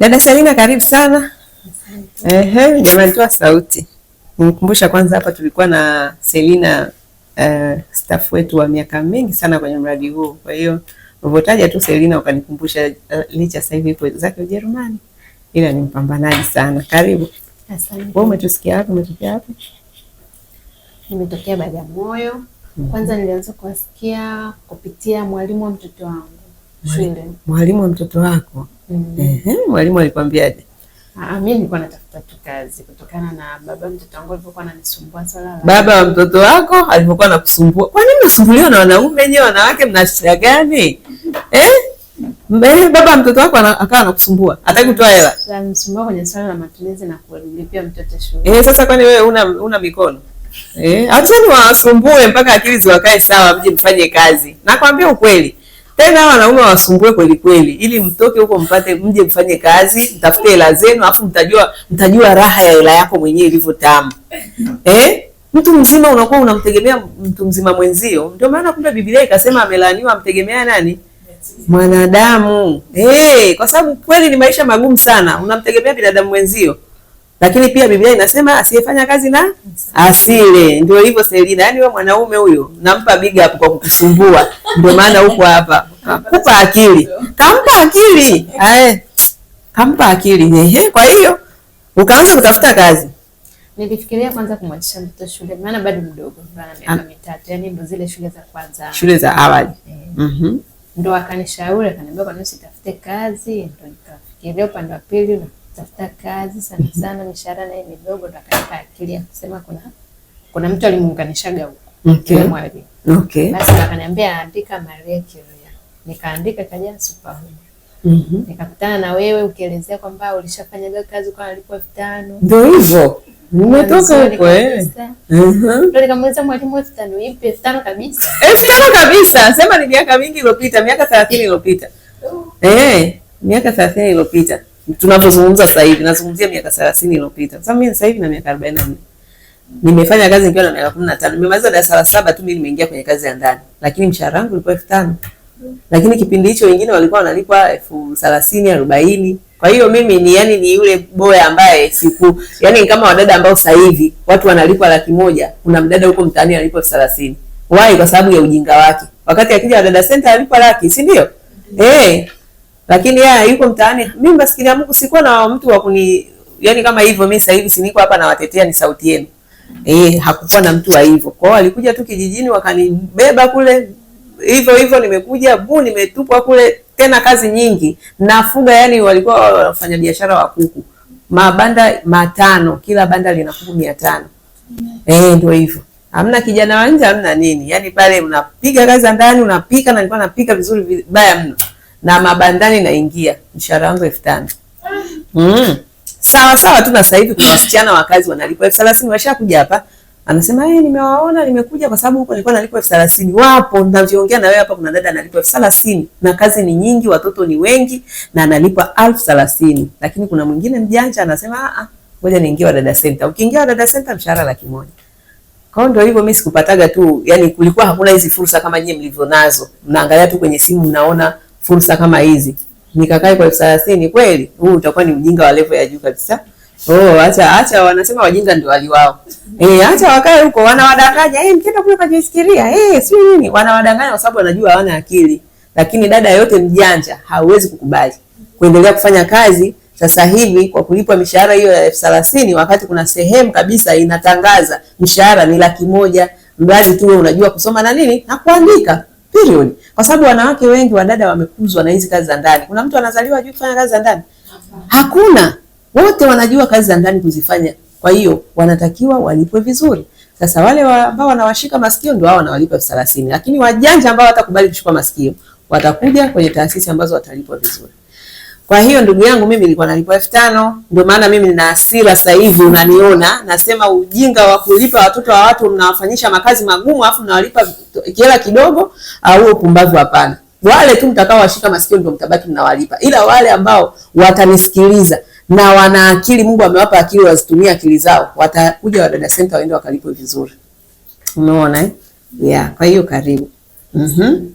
Dada Selina karibu sana. Ehe, jamani sauti. Nikumbusha kwanza hapa tulikuwa na Selina uh, staff wetu wa miaka mingi sana kwenye mradi huu. Kwa hiyo ulivyotaja tu Selina ukanikumbusha uh, licha sasa hivi iko zake Ujerumani ila ni mpambanaji sana. Karibu. Asante. Wewe umetusikia wapi? Umetokea wapi? Nimetokea Bagamoyo. Mhm. Kwanza nilianza kuwasikia kupitia mwalimu wa mtoto wangu shule. Mwalimu wa mtoto wako mm. mwalimu alikwambiaje? Ah, ah, mimi nilikuwa natafuta tu kazi kutokana na baba mtoto wangu alivyokuwa ananisumbua sana. baba wa mtoto wako alivyokuwa anakusumbua. Kwa nini mnasumbuliwa na wanaume nyewe, wanawake mna shida gani? Eh? eh baba mtoto wako akawa anakusumbua, hataki kutoa hela. anasumbua kwenye swala la matumizi na kulipia mtoto shule. Eh, sasa kwani wewe una una mikono? Eh, acheni wasumbue mpaka akili ziwakae sawa, mje mfanye kazi. Nakwambia ukweli. Tena wanaume wasumbue kweli kweli, ili mtoke huko mpate mje mfanye kazi mtafute hela zenu, afu mtajua mtajua raha ya hela yako mwenyewe ilivyo tamu eh? Mtu mzima unakuwa unamtegemea mtu mzima mwenzio. Ndio maana kumbe Biblia ikasema amelaaniwa amtegemea nani? Mwanadamu. Eh, hey, kwa sababu kweli ni maisha magumu sana, unamtegemea binadamu mwenzio. Lakini pia Biblia inasema asiyefanya kazi na asile. Ndio hivyo Selina, yani wewe mwanaume huyo nampa big up kwa kukusumbua, ndio maana uko hapa. Kupa akili, kampa akili ae, kampa akili ehe. Kwa hiyo ukaanza kutafuta kazi. Nilifikiria kwanza kumwachisha mtoto shule, maana bado mdogo, ndio ana miaka ah. mitatu, yani ndio zile shule za kwanza, shule za awali eh. Mhm, ndo akanishauri akaniambia, kwa nini sitafute kazi? Ndo nikafikiria upande wa pili na tafuta kazi sana sana, mishahara naye midogo, takaweka akili ya kusema kuna kuna mtu alimuunganishaga huko okay. mwalimu okay. Basi akaniambia andika Maria Kiria, nikaandika kaja Superwoman mm -hmm. Nikakutana na wewe ukielezea kwamba ulishafanyaga kazi kwa alipo elfu tano ndio hivyo Nimetoka huko eh. Uh-huh. Ndio nikamuuliza mwalimu elfu tano ipi? Elfu tano kabisa. Elfu tano kabisa. Sema ni miaka mingi iliyopita, miaka 30 iliyopita. Oh. Eh, miaka 30 iliyopita tunavyozungumza sasa hivi, nazungumzia miaka 30 iliyopita. Sasa mimi sasa hivi na miaka 44. Nimefanya kazi nikiwa na miaka 15. Nimemaliza darasa la saba tu mimi nimeingia kwenye kazi ya ndani. Lakini mshahara wangu ulikuwa 5000. Lakini kipindi hicho wengine walikuwa wanalipwa elfu thelathini, arobaini. Kwa hiyo mimi ni yani ni yule boya ambaye siku yani kama wadada ambao sasa hivi watu wanalipwa laki moja, kuna mdada huko mtaani analipwa elfu thelathini. Why? Kwa sababu ya ujinga wake. Wakati akija Wadada Center alipwa laki, si ndio? Eh, hey. Lakini yeye yuko mtaani. Mimi maskini Mungu sikuwa na mtu wa kuni yani kama hivyo mimi sasa hivi si niko hapa nawatetea ni sauti yenu. Eh, hakukuwa na mtu wa hivyo. Kwao hiyo alikuja tu kijijini wakanibeba kule hivyo hivyo nimekuja bu nimetupwa kule tena kazi nyingi. Nafuga yani walikuwa wafanya biashara wa kuku. Mabanda matano, kila banda lina kuku 500. Eh, ndio hivyo. Hamna kijana wa nje, hamna nini. Yaani pale unapiga kazi ndani, unapika na nilikuwa napika vizuri vibaya mno na mabandani naingia mshahara wangu elfu tano mm. sawa sawa tu. Na sasa hivi kuna wasichana wa kazi wanalipa elfu thelathini washakuja hapa, anasema hey, eh, nimewaona nimekuja kwa sababu huko nilikuwa nalipa elfu thelathini Wapo ninavyoongea na wewe hapa, kuna dada analipa elfu thelathini na kazi ni nyingi, watoto ni wengi, na analipa elfu thelathini Lakini kuna mwingine mjanja anasema ah, ah ngoja niingie Wadada Center. Ukiingia Wadada Center mshahara laki moja kwa ndio hivyo, mimi sikupataga tu, yani kulikuwa hakuna hizi fursa kama nyinyi mlivyonazo, mnaangalia tu kwenye simu mnaona fursa kama hizi nikakae kwa elfu thelathini kweli, huu utakuwa ni mjinga wa level ya juu kabisa. Oh, acha acha, wanasema wajinga ndio wali wao. Eh, acha wakae huko, wanawadanganya eh, mkienda kule kajisikiria eh, si nini, wanawadanganya kwa sababu wanajua hawana akili. Lakini dada yote mjanja hauwezi kukubali kuendelea kufanya kazi sasa hivi kwa kulipwa mishahara hiyo ya elfu thelathini wakati kuna sehemu kabisa inatangaza mishahara ni laki moja mradi tu unajua kusoma na nini na kuandika period, kwa sababu wanawake wengi wadada wamekuzwa na hizi kazi za ndani. Kuna mtu anazaliwa ajui kufanya kazi za ndani? Hakuna, wote wanajua kazi za ndani kuzifanya. Kwa hiyo wanatakiwa walipwe vizuri. Sasa wale ambao wa, wanawashika masikio ndio hao wanawalipa elfu thelathini, lakini wajanja ambao watakubali kushikwa masikio watakuja kwenye taasisi ambazo watalipwa vizuri. Kwa hiyo ndugu yangu, mimi nilikuwa nalipa elfu tano. Ndio maana mimi nina hasira sasa hivi, unaniona nasema ujinga wa kulipa watoto wa watu, mnawafanyisha makazi magumu afu mnawalipa kiela kidogo. Au upumbavu? Hapana, wale tu mtakao washika masikio ndio mtabaki mnawalipa, ila wale ambao watanisikiliza na wana akili, Mungu amewapa akili, wazitumie akili zao, watakuja Wadada Center waende wakalipwe vizuri. Umeona eh? Yeah, kwa hiyo karibu. Mhm. Mm,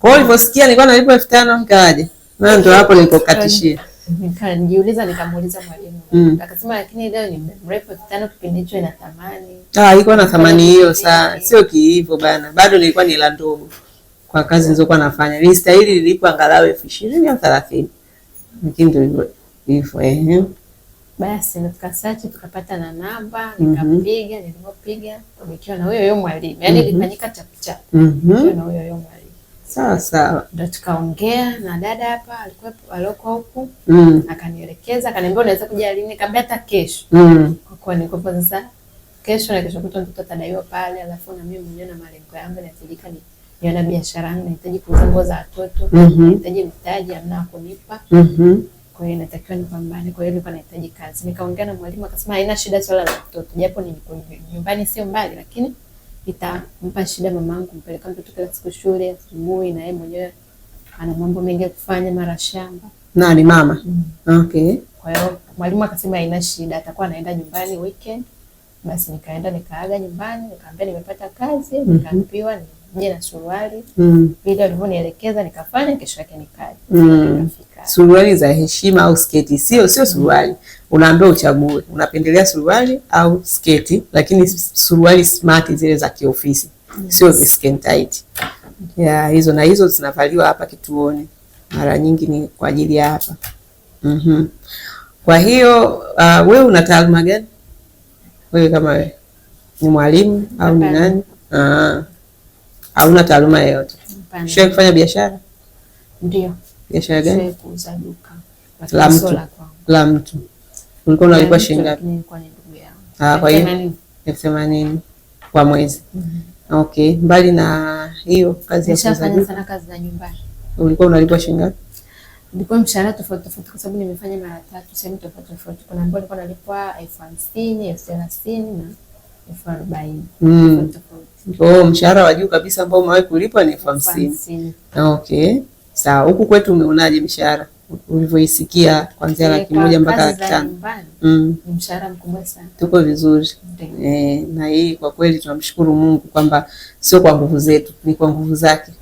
kwa hiyo ulivyosikia nilikuwa nalipa elfu tano nikawaje? Wewe ndio hapo nilipokatishia. Nikajiuliza nikamuuliza mwalimu. Mm. Akasema lakini leo ni mrefu kitano kipindi hicho ina thamani. Ah, iko na thamani hiyo saa sio kiivo bana. Bado nilikuwa ni la ndogo kwa kazi nilizokuwa nafanya. Ni stahili nilipo angalau elfu ishirini au thelathini. Lakini ndio hivyo. Hivyo eh. Basi tukasachi tukapata na namba mhm. nikapiga, nilipopiga nikiwa na huyo huyo mwalimu. Yaani mhm. ilifanyika chapchap. Mhm. na huyo huyo mwalimu sawa sawa, ndo tukaongea na dada hapa alikuwepo aloko huku mm. Akanielekeza, akaniambia unaweza kuja lini, kabla hata kesho mm. Kwa kuwa nilikuwa sasa kesho na kesho kutwa mtoto atadaiwa pale, alafu na mimi mwenyewe na malengo yangu nahitajika ni niona biashara yangu, nahitaji kuuza nguo za watoto mm -hmm. Nahitaji mtaji amna kunipa mm -hmm. Kwa hiyo natakiwa nipambane, kwa hiyo nilikuwa nahitaji kazi. Nikaongea na mwalimu akasema haina shida swala la mtoto, japo ni nyumbani sio mbali, lakini itampa shida mamangu kumpeleka mtoto kila siku shule asubuhi, na yeye mwenyewe ana mambo mengi ya kufanya, mara shamba nani mama mm. Okay, kwa hiyo mwalimu akasema haina shida, atakuwa anaenda nyumbani weekend. Basi nikaenda nikaaga nyumbani, nikaambia nimepata kazi, mhm. nikaambiwa mm -hmm nije na suruali mm. vile walivyonielekeza nikafanya, kesho yake nikaja mm. suruali za heshima au sketi, sio sio suruali mm. unaambiwa uchague, unapendelea suruali au sketi, lakini suruali smart zile za kiofisi yes. sio skin tight yeah, hizo na hizo zinavaliwa hapa kituoni, mara nyingi ni kwa ajili ya hapa mm -hmm. Kwa hiyo uh, wewe una taaluma gani? Wewe kama wewe ni mwalimu au ni nani? Ah hauna taaluma yoyote? Ushawahi kufanya biashara? Ndio. Biashara gani? Kuuza duka la mtu, la mtu. Ulikuwa unalipwa shilingi ngapi? Kwa ndugu yangu. Ah, kwa hiyo elfu themanini kwa mwezi. mm -hmm. Okay, mbali na hiyo kazi ya kuuza duka, sana kazi za nyumbani. Ulikuwa unalipwa shilingi ngapi? Nilikuwa mshahara tofauti tofauti kwa sababu nimefanya mara tatu sehemu tofauti tofauti. Kuna ambao nilikuwa nalipwa elfu hamsini, elfu thelathini na elfu arobaini. Mm hiyo oh, mshahara wa juu kabisa ambao umewahi kulipwa ni elfu hamsini. Okay, sawa. Huku kwetu umeonaje mshahara ulivyoisikia kuanzia eh, laki moja mpaka laki tano? Mm. Mshahara mkubwa sana. Tuko vizuri e, na hii kwa kweli tunamshukuru Mungu kwamba sio kwa nguvu zetu, ni kwa nguvu zake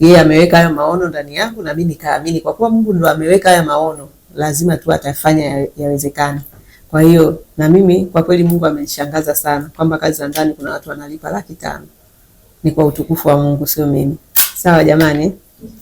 yeye. Ameweka hayo maono ndani yangu na mimi nikaamini, kwa kuwa Mungu ndio ameweka haya maono, lazima tu atafanya yawezekane ya kwa hiyo na mimi kwa kweli Mungu amenishangaza sana kwamba kazi za ndani kuna watu wanalipa laki tano. Ni kwa utukufu wa Mungu, sio mimi. Sawa jamani?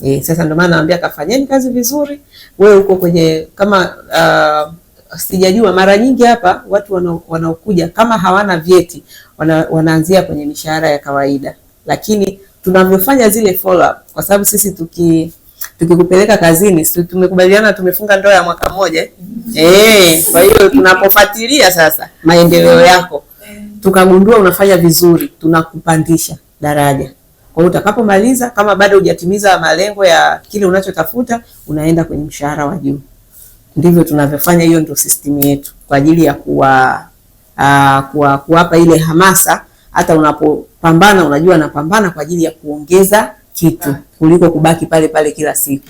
Eh, sasa ndio maana naambia kafanyeni kazi vizuri. Wewe uko kwenye kama uh, sijajua mara nyingi hapa watu wanaokuja kama hawana vyeti wana, wanaanzia kwenye mishahara ya kawaida, lakini tunavyofanya zile follow up, kwa sababu sisi tuki tukikupeleka kazini, si tumekubaliana tumefunga ndoa ya mwaka mmoja eh? Kwa hiyo tunapofuatilia sasa maendeleo yako tukagundua unafanya vizuri, tunakupandisha daraja. Kwa hiyo utakapomaliza, kama bado hujatimiza malengo ya kile unachotafuta, unaenda kwenye mshahara wa juu. Ndivyo tunavyofanya. Hiyo ndio system yetu kwa ajili ya kuwa uh, kuwa kuwapa ile hamasa, hata unapopambana unajua napambana kwa ajili ya kuongeza kitu kuliko kubaki pale pale kila siku.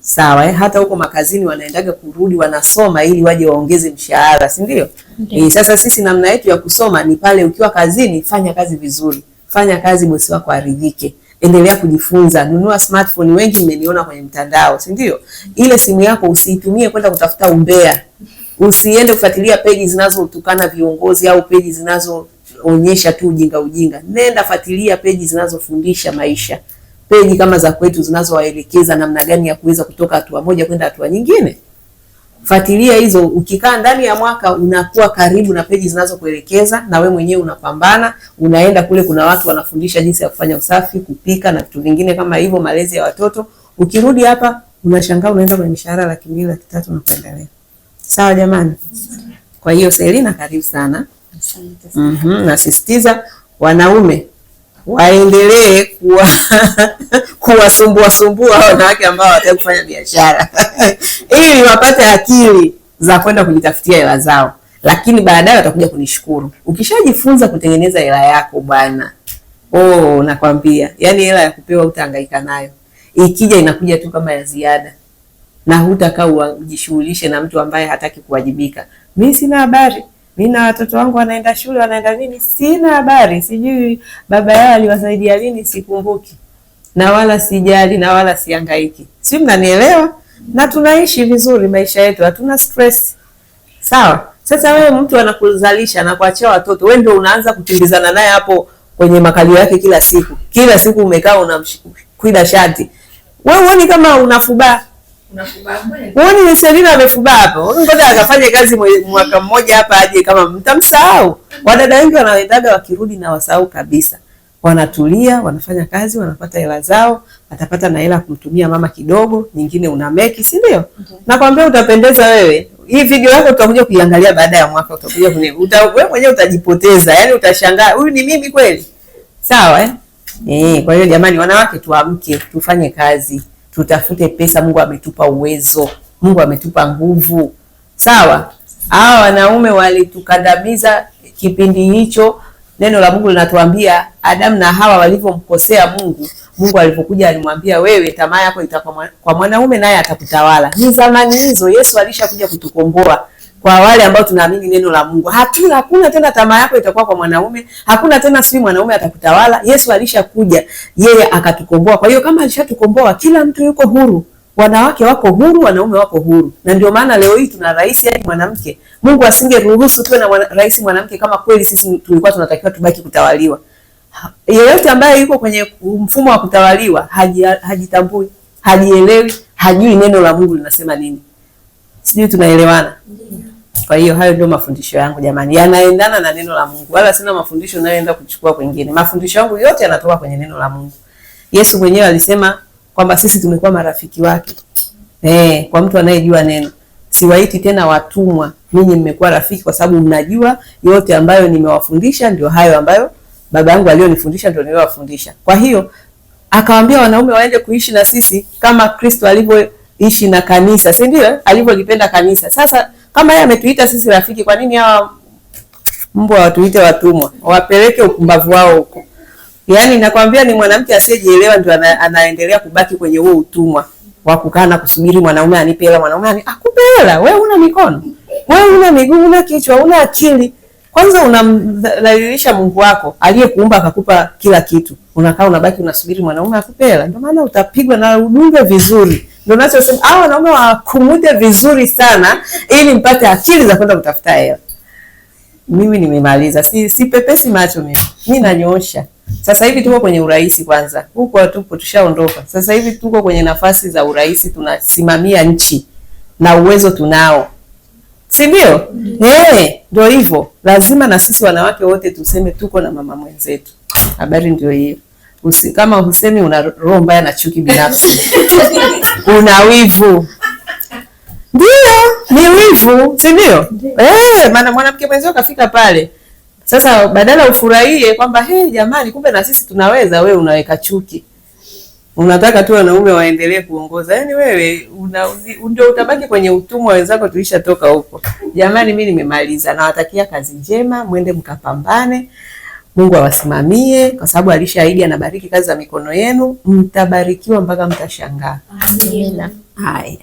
Sawa eh? Hata huko makazini wanaendaga kurudi wanasoma ili waje waongeze mshahara, si ndio? Okay. E, eh, sasa sisi namna yetu ya kusoma ni pale ukiwa kazini, fanya kazi vizuri, fanya kazi bosi wako aridhike, endelea kujifunza, nunua smartphone. Wengi mmeniona kwenye mtandao, si ndio? Ile simu yako usiitumie kwenda kutafuta umbea, usiende kufuatilia peji zinazotukana viongozi au peji zinazoonyesha tu ujinga ujinga. Nenda fuatilia peji zinazofundisha maisha peji kama za kwetu zinazowaelekeza namna gani ya kuweza kutoka hatua moja kwenda hatua nyingine. Fuatilia hizo, ukikaa ndani ya mwaka unakuwa karibu na peji zinazokuelekeza, na we mwenyewe unapambana, unaenda kule, kuna watu wanafundisha jinsi ya kufanya usafi, kupika na vitu vingine kama hivyo, malezi ya watoto. Ukirudi hapa unashangaa unaenda kwenye mishahara laki mbili laki tatu na kuendelea. Sawa jamani? Kwa hiyo Selina, karibu sana. Mm -hmm. Nasisitiza wanaume waendelee kuwa kuwasumbua sumbua wanawake ambao wataka kufanya biashara ili wapate akili za kwenda kujitafutia hela zao, lakini baadaye watakuja kunishukuru. Ukishajifunza kutengeneza hela yako bwana, oh, nakwambia yani hela ya kupewa utahangaika nayo, ikija inakuja tu kama ya ziada, na hutakaa ujishughulishe na mtu ambaye hataki kuwajibika. Mimi sina habari mimi na watoto wangu wanaenda shule wanaenda nini, sina habari, sijui baba yao aliwasaidia lini, sikumbuki na wala sijali na wala siangaiki, si mnanielewa? Na tunaishi vizuri maisha yetu, hatuna stress, sawa? Sasa wewe mtu anakuzalisha anakuachia watoto, wewe ndio unaanza kukimbizana naye hapo kwenye makalio yake kila siku, kila siku umekaa unamkwida shati, wewe huoni kama unafubaa? Uoni ni Selina amefubaa hapo. Ngoja akafanye kazi mwaka mmoja hapa aje kama mtamsahau. Wadada wengi wanaendaga wakirudi na wasahau kabisa. Wanatulia, wanafanya kazi, wanapata hela zao, atapata na hela kumtumia mama kidogo, nyingine una meki, si ndio? Mhm. Nakwambia utapendeza wewe. Hii video yako utakuja kuiangalia baada ya mwaka utakuja kune. Uta, wewe mwenyewe utajipoteza. Yaani utashangaa, huyu ni mimi kweli? Sawa eh? Mhm. Eh, kwa hiyo jamani, wanawake tuamke, tufanye kazi tutafute pesa. Mungu ametupa uwezo, Mungu ametupa nguvu, sawa. Hawa wanaume walitukandamiza kipindi hicho. Neno la Mungu linatuambia Adamu na Hawa walivyomkosea Mungu, Mungu alipokuja alimwambia, wewe tamaa yako itakuwa kwa mwanaume naye atakutawala. Ni zamani hizo, Yesu alishakuja kutukomboa kwa wale ambao tunaamini neno la Mungu, hatuna hakuna tena tamaa yako itakuwa kwa mwanaume, hakuna tena si mwanaume atakutawala. Yesu alishakuja, yeye akatukomboa. Kwa hiyo kama alishatukomboa, kila mtu yuko huru, wanawake wako huru, wanaume wako huru, na ndio maana leo hii tuna rais yani mwanamke. Mungu asingeruhusu tuwe na rais mwanamke kama kweli sisi tulikuwa tunatakiwa tubaki kutawaliwa. Yeyote ambaye yuko kwenye mfumo wa kutawaliwa hajitambui, haji hajielewi, hajui neno la Mungu linasema nini. Sijui tunaelewana? Kwa hiyo hayo ndio mafundisho yangu jamani, yanaendana na neno la Mungu, wala sina mafundisho nayoenda kuchukua kwingine. Mafundisho yangu yote yanatoka kwenye neno la Mungu. Yesu mwenyewe alisema kwamba sisi tumekuwa marafiki wake eh, kwa mtu anayejua neno. Siwaiti tena watumwa, ninyi mmekuwa rafiki, kwa sababu mnajua yote ambayo nimewafundisha, ndio hayo ambayo baba yangu alionifundisha, ndio niliyowafundisha. Kwa hiyo akawaambia wanaume waende kuishi na sisi kama Kristo alivyoishi na kanisa, si ndio? Alivyolipenda kanisa. Sasa kama yeye ametuita sisi rafiki, kwa nini hawa mbwa watuite watumwa? Wapeleke upumbavu wao huko. Yaani nakwambia ni mwanamke asiyejielewa ndio ana, anaendelea kubaki kwenye huo utumwa wa kukaa na kusubiri mwanaume anipe hela, mwanaume akupe hela. Wewe una mikono, wewe una miguu, una kichwa, una akili. Kwanza unamdhalilisha Mungu wako aliyekuumba akakupa kila kitu, unakaa unabaki unasubiri mwanaume akupe hela. Ndio maana utapigwa na udunge vizuri. Ndio nachosema hao wanaume wakumuda vizuri sana, ili mpate akili za kwenda kutafuta hela. Mimi nimemaliza, si sipepesi macho mimi, mi nanyoosha. Sasa hivi tuko kwenye urahisi kwanza, huko hatupo, tushaondoka. Sasa hivi tuko kwenye nafasi za urahisi tunasimamia nchi na uwezo tunao, si ndio? mm -hmm. ndio hivyo, lazima na sisi wanawake wote tuseme tuko na mama mwenzetu. Habari ndio hiyo usi, kama husemi una roho mbaya na chuki binafsi una wivu. Ndio, ni wivu, si ndio? Eh, maana mwanamke mwenzio kafika pale sasa, badala ufurahie kwamba hey, jamani, kumbe na sisi tunaweza, wewe unaweka chuki unataka tu wanaume waendelee kuongoza. Yaani wewe ndio utabaki kwenye utumwa, wenzako tulishatoka huko. Jamani, mi nimemaliza, nawatakia kazi njema, mwende mkapambane. Mungu awasimamie kwa sababu alishaahidi anabariki kazi za mikono yenu, mtabarikiwa mpaka mtashangaa. Amina. Haya.